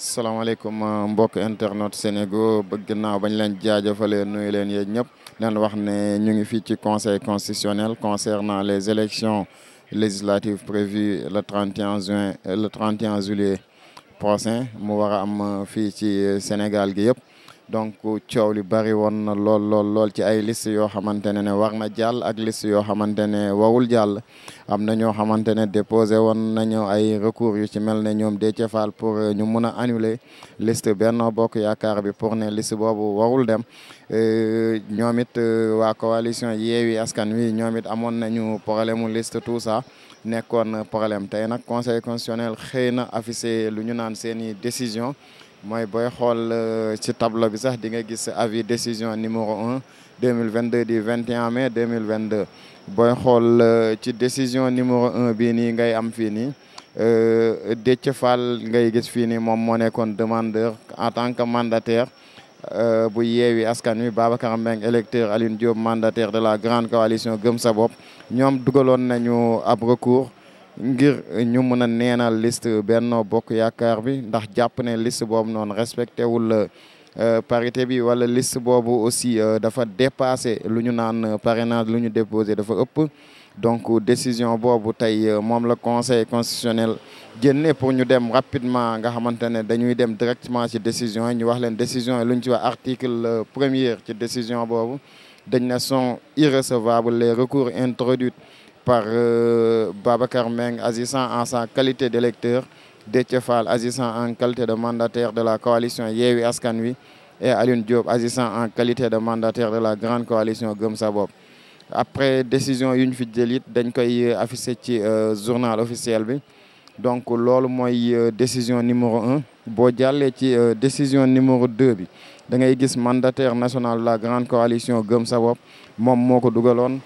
salaamaaleykum euh, mbokk internet Sénégal bëgg naa bañ leen jaajëfalee nuyu leen yéen ñëpp leen wax ne ñu ngi fii ci conseil constitutionnel concernant les élections législatives prévues le 31 juin euh, le 31 juillet prochain mu war a am euh, fii ci Sénégal gi yëpp. donc coow li bari woon na lool lool lool ci ay liste yoo xamante ne ne war na jàll ak liste yoo xamante ne warul jàll am na ñoo xamante ne déposé woon nañu ay recours yu ci mel ne ñoom Déthié Fall pour ñu mun a annuler liste Benno Bokk Yaakaar bi pour ne liste boobu warul dem euh, ñoom it euh, waa coalition Yewwi Askan Wi ñoom it amoon nañu problème mu liste tout ça nekkoon problème tey nag conseil constitutionnel xëy na affiché lu ñu naan seen i décision mooy booy xool euh, ci tableau bi sax di nga gis avi décision numéro un 2022 du 21 mai 2022 booy xool euh, ci décision numéro un bii nii ngay am fii nii euh, Déthié Fall ngay gis fii nii moom moo nekkoon demandeur en tant que mandataire bu yeewi askan wi Babacar Mbengue électeur Aline Diop mandataire de la grande coalition Gëm sa bopp ñoom nañu ab recours ngir ñu mën a neenal list Benno Bokk Yaakaar bi ndax jàpp ne liste boobu noonu respecté wul euh, parité bi wala list boobu aussi euh, dafa dépassé lu ñu naan parrainage lu ñu déposé dafa ëpp donc décision boobu tey euh, moom la conseil constitutionnel génne pour ñu dem rapidement nga xamante ne dañuy dem directement ci décision yi ñu wax leen décision yi lu ci wax article premier ci décision boobu dañ ne sont irrécevables les recours introduits par euh, Babacar Meng, agissant en sa qualité d'électeur, Dechefal, agissant en qualité de mandataire de la coalition askan wi e Alun Diop, agissant en qualité de mandataire de la grande coalition Gumsabop. après décision yu ñu fi jëlit dañ koy euh, affiché ci euh, journal officiel bi donc loolu mooy euh, décision numéro un boo jàllee ci décision numéro deux bi da ngay gis mandataire national de la grande coalition Gëm sa bopp moom moo ko dugaloon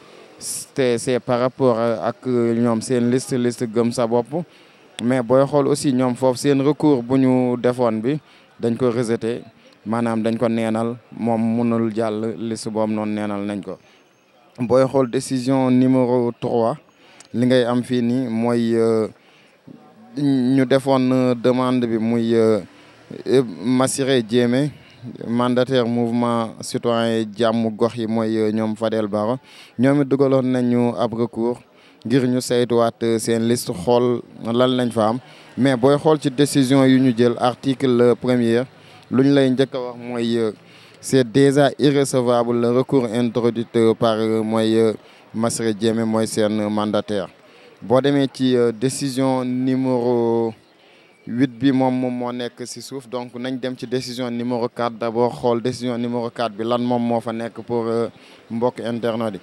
te par rapport ak ñoom seen list liste gëm sa bopp mais booy xool aussi ñoom foofu seen recours bu ñu defoon bi dañ ko rejeté maanaam dañ ko neenal moom mënul jàll liste boobu noon neenal nañ ko booy xool décision numéro trois li ngay am fii nii mooy euh, ñu defoon euh, demande bi muy euh, Massiré jéemé mandataire mouvement citoyen jàmm gox yi mooy euh, ñoom Fadel Baro ñoom it dugaloon nañu ab recours ngir ñu saytuwaat euh, seen liste xool lan lañ fa am mais booy xool ci décision yu ñu jël article euh, premier lu ñu lay njëkk a wax mooy c'est déjà irrecevable le recours introduit par mooy Massiré jéeme mooy seen mandataire boo demee ci décision numéro huit bi moom moom moo nekk si suuf donc nañ dem ci décision numéro 4 d' abord xool décision numéro 4 bi lan moom moo fa nekk pour euh, mbokk internet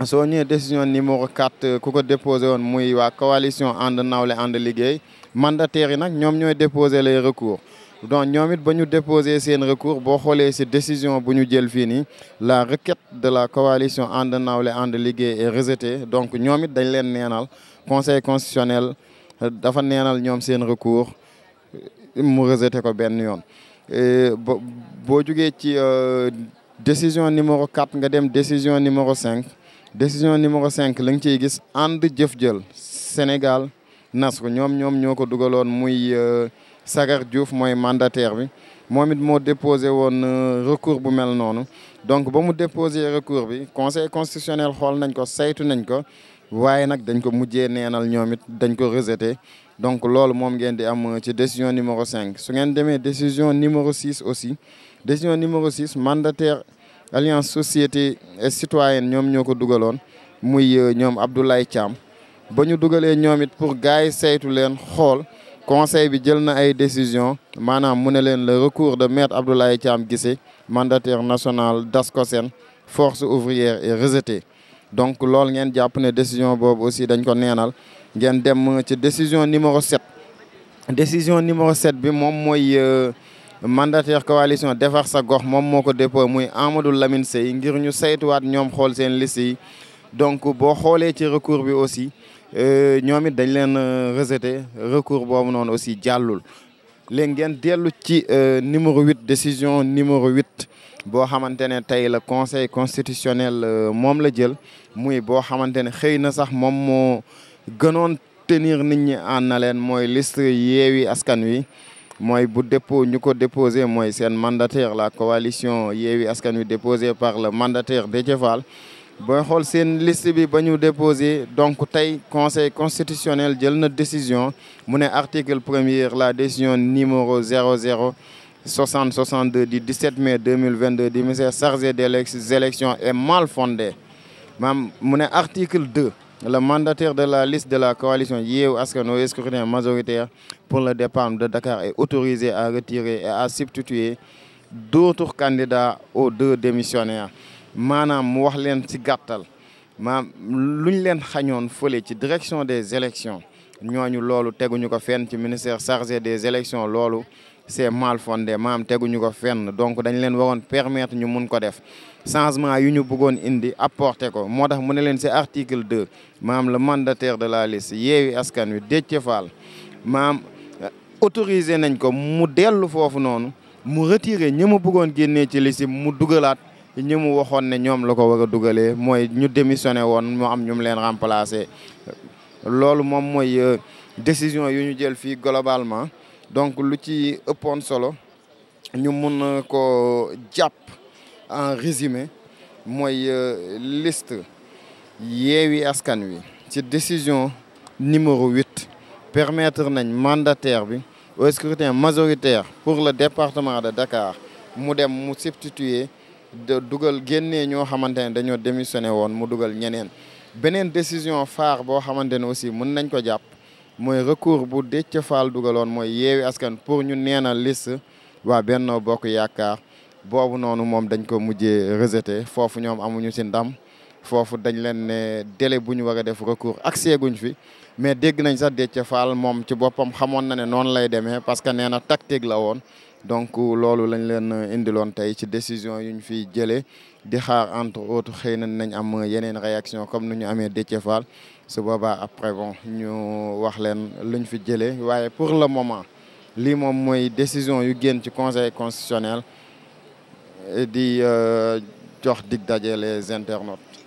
yi soo ñëwee décision numéro 4 euh, ku ko déposé woon muy waa coalition ànd nawle ànd liggéey mandataires yi nag ñoom ñooy déposé les recours donc ñoom it ba ñu déposé seen recours boo xoolee si décision bu ñu jël fii nii la requête de la coalition ànd nawle ànd liggéey est rejetée donc ñoom it dañ leen neenal conseil constitutionnel dafa neenal ñoom seen recours mu rejeté ko benn yoon bo boo jugee ci euh, décision numéro 4 nga dem décision numéro cinq décision numéro cinq la nga ciy gis ànd jëf-jël Sénégal nas ko ñoom ñoom ñoo ko dugaloon muy euh, Sagar Diouf mooy mandataire bi moom it moo déposé woon euh, recours bu mel noonu donc ba mu déposé recours bi conseil constitutionnel xool nañ ko saytu nañ ko. waaye nag dañ ko mujjee neenal ñoom it dañ ko rejeté donc loolu moom ngeen di am euh, ci décision numéro cinq su ngeen demee décision numéro six aussi décision numéro six mandataire alliance société et citoyenne ñoom ñoo ko dugaloon muy euh, ñoom Abdoulaye Thiam ba ñu dugalee ñoom it pour gars yi saytu leen xool conseil bi jël na ay décision maanaam mu ne leen le recours de maître Abdoulaye Thiam Guissé mandataire national d'ASCOSEN force ouvrière et rejeté donc loolu ngeen jàpp ne décision boobu aussi dañ ko neenal ngeen dem ci décision numéro 7 décision numéro 7 bi moom mooy euh, mandataire coalition defar sa gox moom moo ko déposé muy Amadou Lamine sey ngir ñu saytuwaat ñoom xool seen liste yi donc boo xoolee ci recours bi aussi euh, ñoom it dañ leen euh, rejeté recours boobu noonu aussi jàllul léegi ngeen dellu ci numéro 8 décision numéro 8. boo xamante ne tey la conseil constitutionnel euh, moom la jël muy boo xamante ne xëy na sax moom moo gënoon tenir nit ñi en haleine mooy liste yeewi askan wi mooy bu dépôt ñu ko déposé mooy seen mandataire la coalition yeewi askan wi déposé par le mandataire Déthié Fall booy xool seen list bi ba ñu déposé donc tey conseil constitutionnel jël na décision mu ne article premier la décision numéro 00 60 62 du 17 mai 2022 du ministère chargé des élections est mal fondé maam mu ne article 2 le mandataire de la liste de la coalition Yewwi Askan Wi au scrutin majoritaire pour le départ de Dakar est autorisé à retirer et à substituer d'autres candidats aux deux démissionnaires maanaam mu wax leen ci gàttal maam lu ñu leen xañoon fële ci direction des élections ñooñu loolu teguñu ko fenn ci ministère chargé des élections loolu c'est mal fondé maam teguñu ko fenn donc dañ leen waroon permettre ñu mun ko def changement yu ñu bëggoon indi apporter ko moo tax mu ne leen ci article 2 maam le mandataire de la liste Yewwi Askan Wi Déthié Fall maam autorisé nañ ko mu dellu foofu noonu mu retiré ñi mu bëggoon génnee ci liste mu dugalaat ñi mu waxoon ne ñoom la ko war a dugalee mooy ñu démissionné woon mu am ñu leen remplacé loolu moom mooy euh, décision yu ñu jël fii globalement donc lu ci ëppoon solo ñu mun ko jàpp en résumé mooy euh, liste Yewwi Askan Wi ci décision numéro huit permettre nañ mandataire bi au scrutin majoritaire pour le département de Dakar mu dem mu substituer dugal génnee ñoo xamante ne dañoo démissionné woon mu dugal ñeneen beneen décision phare boo xamante ne aussi mun nañ ko jàpp mooy recours bu Déthié Fall dugaloon mooy yeewi askan pour ñu neena liste waa Benno Bokk Yaakaar boobu noonu moom dañ ko mujjee rejeté foofu ñoom amuñu ci ndam foofu dañ leen ne délai bu ñu war a def recours ak seeguñ fi mais dégg nañ sax Déthié Fall moom ci boppam xamoon na ne noonu lay demee parce que nee na tactique la woon donc loolu lañ leen indiloon tey ci décision yu ñu fiy jëlee di xaar entre autres xëy na nañ am yeneen réaction comme nu ñu amee Déthié Fall boobaa après bon ñu wax leen luñ fi jëlee waaye pour le moment lii moom mooy décision yu génn ci conseil constitutionnel di euh, jox dig daje les internautes.